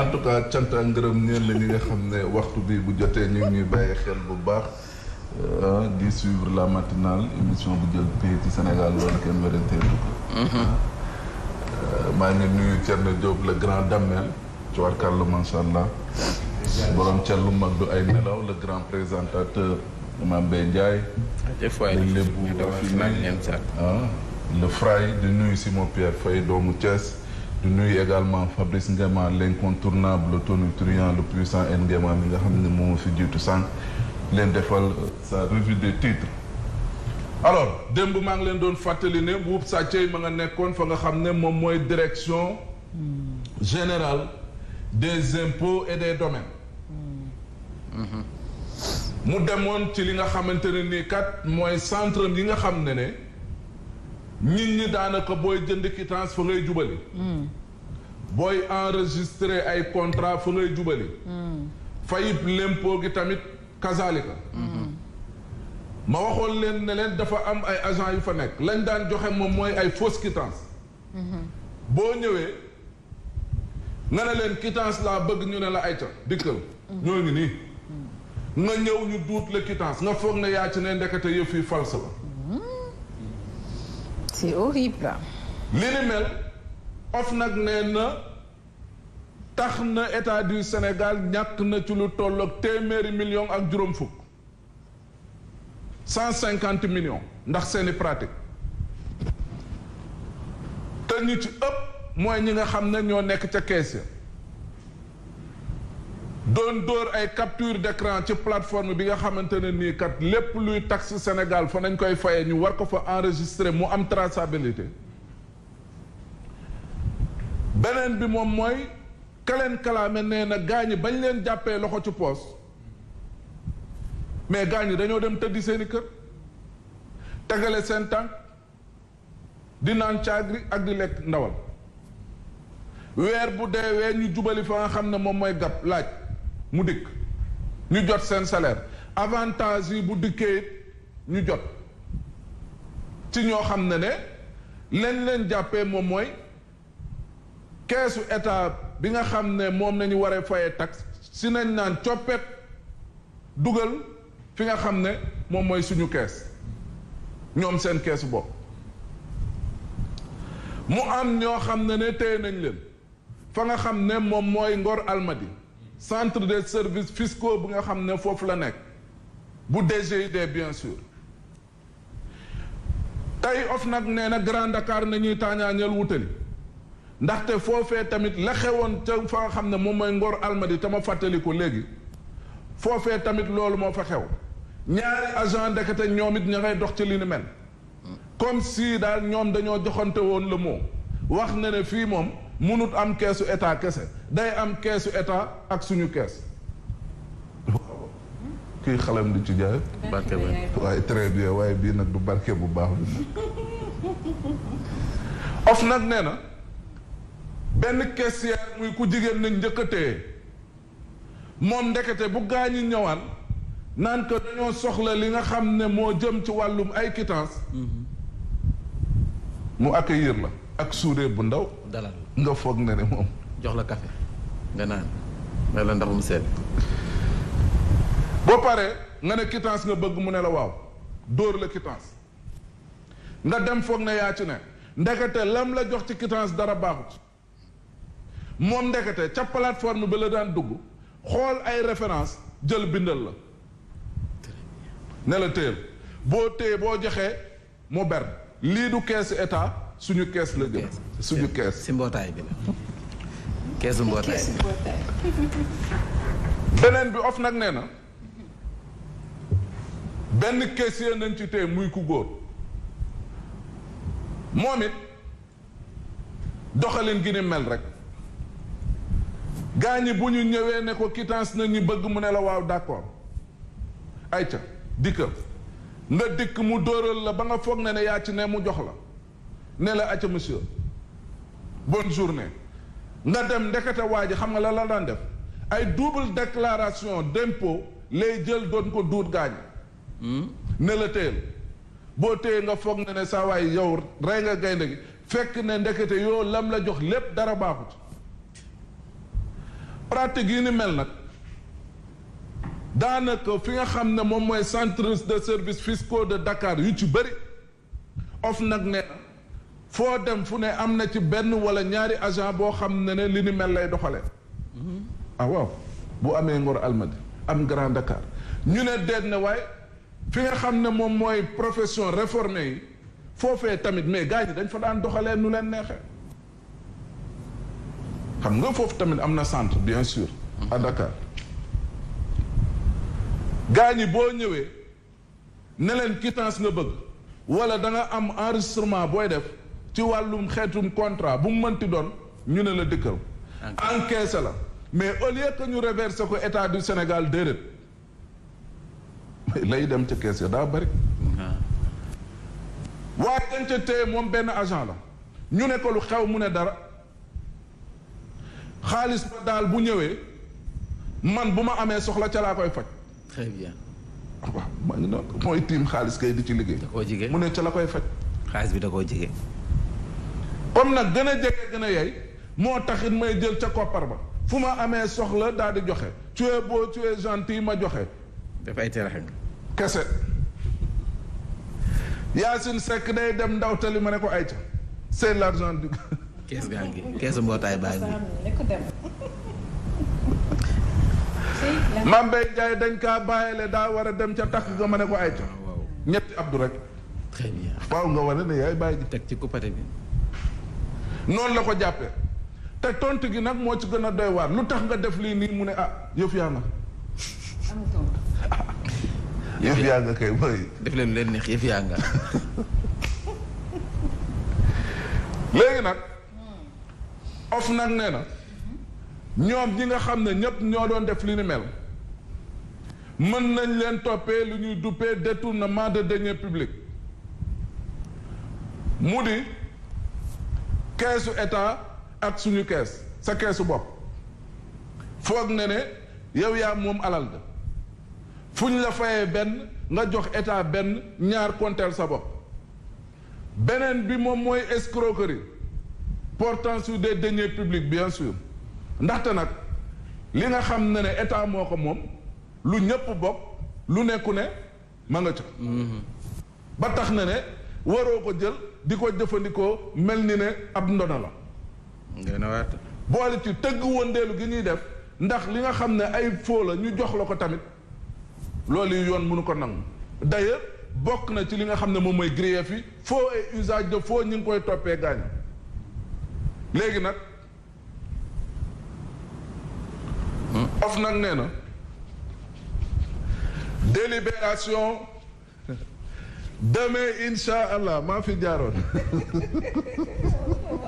en tout cas ak ngërëm ñeen la xam ne waxtu bi bu jotee ñu ngi ñuy bàyyi xel bu baax euh, di suivre la matinale émission bu jël pay ci Sénégal loolu kenn werenteetu ko mm-hmm. euh, maa ngi nuyu Thierno Diop la grand damel ci warkàllu macha allah borom lu mag du ay nelaw le grand présentateur Mame Mbaye le ah, fray di nuyu Simon Pierre Faye doomu Thiès du nuyu également Fabrice Ngema l'incontournable le tonitruant le puissant en Ngema mi nga xam ne moo fi jiitu sànq leen defal euh, sa revue des titres alors démb maa ngi leen doon fàttali ne Mbuup Sàccey ma nga nekkoon fa nga xam ne moom mooy direction générale des impôts et des domaines mm-hmm. mu demoon ci li nga xamante ne nii kat mooy centre yi nga xam ne ne nit ñi daanaka booy jënd quittance fa ngay jubali. Hmm. booy enregistré ay contrat fa ngay jubali. Hmm. fayib l'impôt gi tamit kazaalika. Hmm. ma waxoon leen neleen dafa am ay agent yu fa nekk lañ daan joxe moom mooy ay fausse quittance. boo ñëwee nga ne leen quittance laa bëgg ñu ne la ay ca dikkal. ñoo ngi nii. nga ñëw ñu duut la quittance nga foog ne yaa ci ne ndekete yëf yi fals la. c'est horrible. nag ni nee na tax na état du Sénégal ñàkk na ci lu toll ak téeméeri millions ak juróom fukk cent cinquante millions ndax seeni pratique te ñu ci ëpp mooy ñi nga xam ne ñoo nekk ca kees ya doon dóor ay capture d'écran ci plateforme bi nga xamante ne nii kat lépp luy taxe senegal fa nañ koy fayee ñu war ko fa enregistrer mu am trasabilité beneen bi moom mooy kaleen kalaame nee na gaañi bañ leen jàppee loxo ci poos mais gaañi dañoo dem tëddi seeni kër tegale seen tànk di naan caagri ak di lekk ndawal weer bu deewee ñu jubali fa nga xam ne moom mooy gab laaj mu dikk ñu jot seen salaire avantage yi bu dikkee ñu jot ci ñoo xam ne ne len leen jàppee moom mooy keesu état bi nga xam ne moom nañu waree fayee taxe si nañ naan coppet dugal fi nga xam ne moom mooy suñu kees ñoom seen keesu bopp mu am ñoo xam ne ne téye nañ leen fa nga xam ne moom mooy Ngor Almadi centre des services fiscaux bu nga xam ne foofu la nekk bu DGID bien sûr tey of nag nee na Grand Dakar nañuy taañaañal wutali ndaxte foofee tamit la xewoon ca fa xam ne moom mooy Ngor Almadi te ma fàttali ko léegi foofee tamit loolu moo fa xew ñaari agent ndekete ñoom it ña ngay dox ci li ni mel comme si daal ñoom dañoo joxante woon la mot wax na ne fii moom munut am keesu état kese day am keesu état ak suñu kees. kuy xalam di ci jaay. barke waaye bii nag du barke bu baax bi. of nag nee na benn caissière muy ku jigéen nañ njëkk moom ndekete bu gaañu ñëwaan naan ko dañoo soxla li nga xam ne moo jëm ci wàllum ay quittance mhm. mu accueillir la ak suuree bu ndaw dalal nga foog na ne moom. jox la café nga naan ne la ndax mu boo paree nga ne quittance nga bëgg mu ne la waaw dóor la quittance nga dem foog na yaa ne ndekete lam la jox ci quittance dara baaxut moom ndekete ca plateforme bi la daan dugg xool ay référence jël bindal la ne la téyel boo téye boo joxee mu ber lii du keesu état suñu kees la jëm suñu kees si mbootaay bi la keesu mbootaay beneen bi of nag nee na benn kees yee nañ ci tey muy ku góor moom it doxalin gi ni mel rek gaa ñi bu ñu ñëwee ne ko quittance na ñu bëgg mu ne la waaw d'accord ayca dikkal nga dikk mu dóoral la ba nga foog na ne yaa ci ne mu jox la ne la acca monsieur bonne journée nga dem ndekete waa ji xam nga la la daan def ay double declaration d'impôt lay jël doon ko duut gaañ hmm? ne la téyel boo téye nga foog ne ne saa waay yow rey nga gaynde gi fekk ne ndekete yoo lam la jox lépp dara baaxut pratique yi ni mel nag daanaka fi nga xam ne moom mooy centre de service fiscaux de Dakar yu ci bëri of nag nee na foo dem fu ne am na ci benn wala ñaari agent boo xam ne ne li ni mel lay doxale mm-hmm. ah waaw bu amee ngoro Almadi am Grand Dakar ñu ne deet ne waaye fi nga xam ne moom mooy profession réformée yi foofee tamit mais gars yi dañ fa daan doxalee nu leen neexee xam nga foofu tamit am na centre bien sûr à mm-hmm. Dakar gars ñi boo ñëwee ne leen quittance nga bëgg wala da nga am enregistrement booy def ci wàllum xeetum contrat bu mu mënti doon ñu ne la dëkkal encaissé la mais au lieu que ñu reversé ko état du Sénégal déedéet lay dem ca kees ya daa bari waaye dañ ca téye moom benn agent la ñu ne ko lu xew mu ne dara xaalis ba daal bu ñëwee man bu ma amee soxla ca laa koy faj. très bien. Ah, waaw mooy tiim xaalis kay di ci liggéey. koo jigéen mu ne ca la koy faj. xaalis bi da koo jigéen. comme nag gën a jege gën a yey moo taxit may jël ca koppar ba fu ma amee soxla daal di joxe tu es beau tu es gentil ma joxe. dafay teraxin. kese Yacine Seck day dem ndaw tali ma ne ko ayca c'est l'argent du. kees gaa ngi keesu mbootaay baa ngi. Mame Mbaye Ndiaye dañ kaa bàyyile daa war a dem ca takk nga ma ne ko ayca. ñetti Abdou rek. très bien nga war a ne yaay bàyyi ji. teg ci coupé bi. noonu la ko jàppe te tontu gi nag moo ci gën a doy waar lu tax nga def lii nii mu ne ah yëf yaa nga yëf yaa nga kay mooy def leen leen neex yëf yaa nga léegi nag of nag nee na ñoom ñi nga xam ne ñépp ñoo doon def li ni mel mën nañ leen toppee lu ñuy duppee détournement de deniers publics mu di keesu état ak suñu kees sa keesu bopp foog na ne yow yaa moom alal da fu la fayee benn nga jox état benn ñaar konteel sa bopp beneen bi moom mooy escroquerie portant sur des deniers publics bien sûr ndaxte nag li nga xam ne ne état moo ko moom lu ñëpp bokk lu nekku ne ma nga ca mm-hmm. ba tax na ne waroo ko jël di ko jëfandikoo mel ni ne ab ndono la. boole ci tëgg wëndeelu gi ñuy def ndax li nga xam ne ay foo la ñu jox la ko tamit loolu yi yoon mënu ko nangu d'ailleurs bokk na ci li nga xam ne moom mooy grief yi faux et usage de faux ñu ngi koy toppee gaañ léegi nag of nag nee na délibération demain incha allah maa fi jaaroon.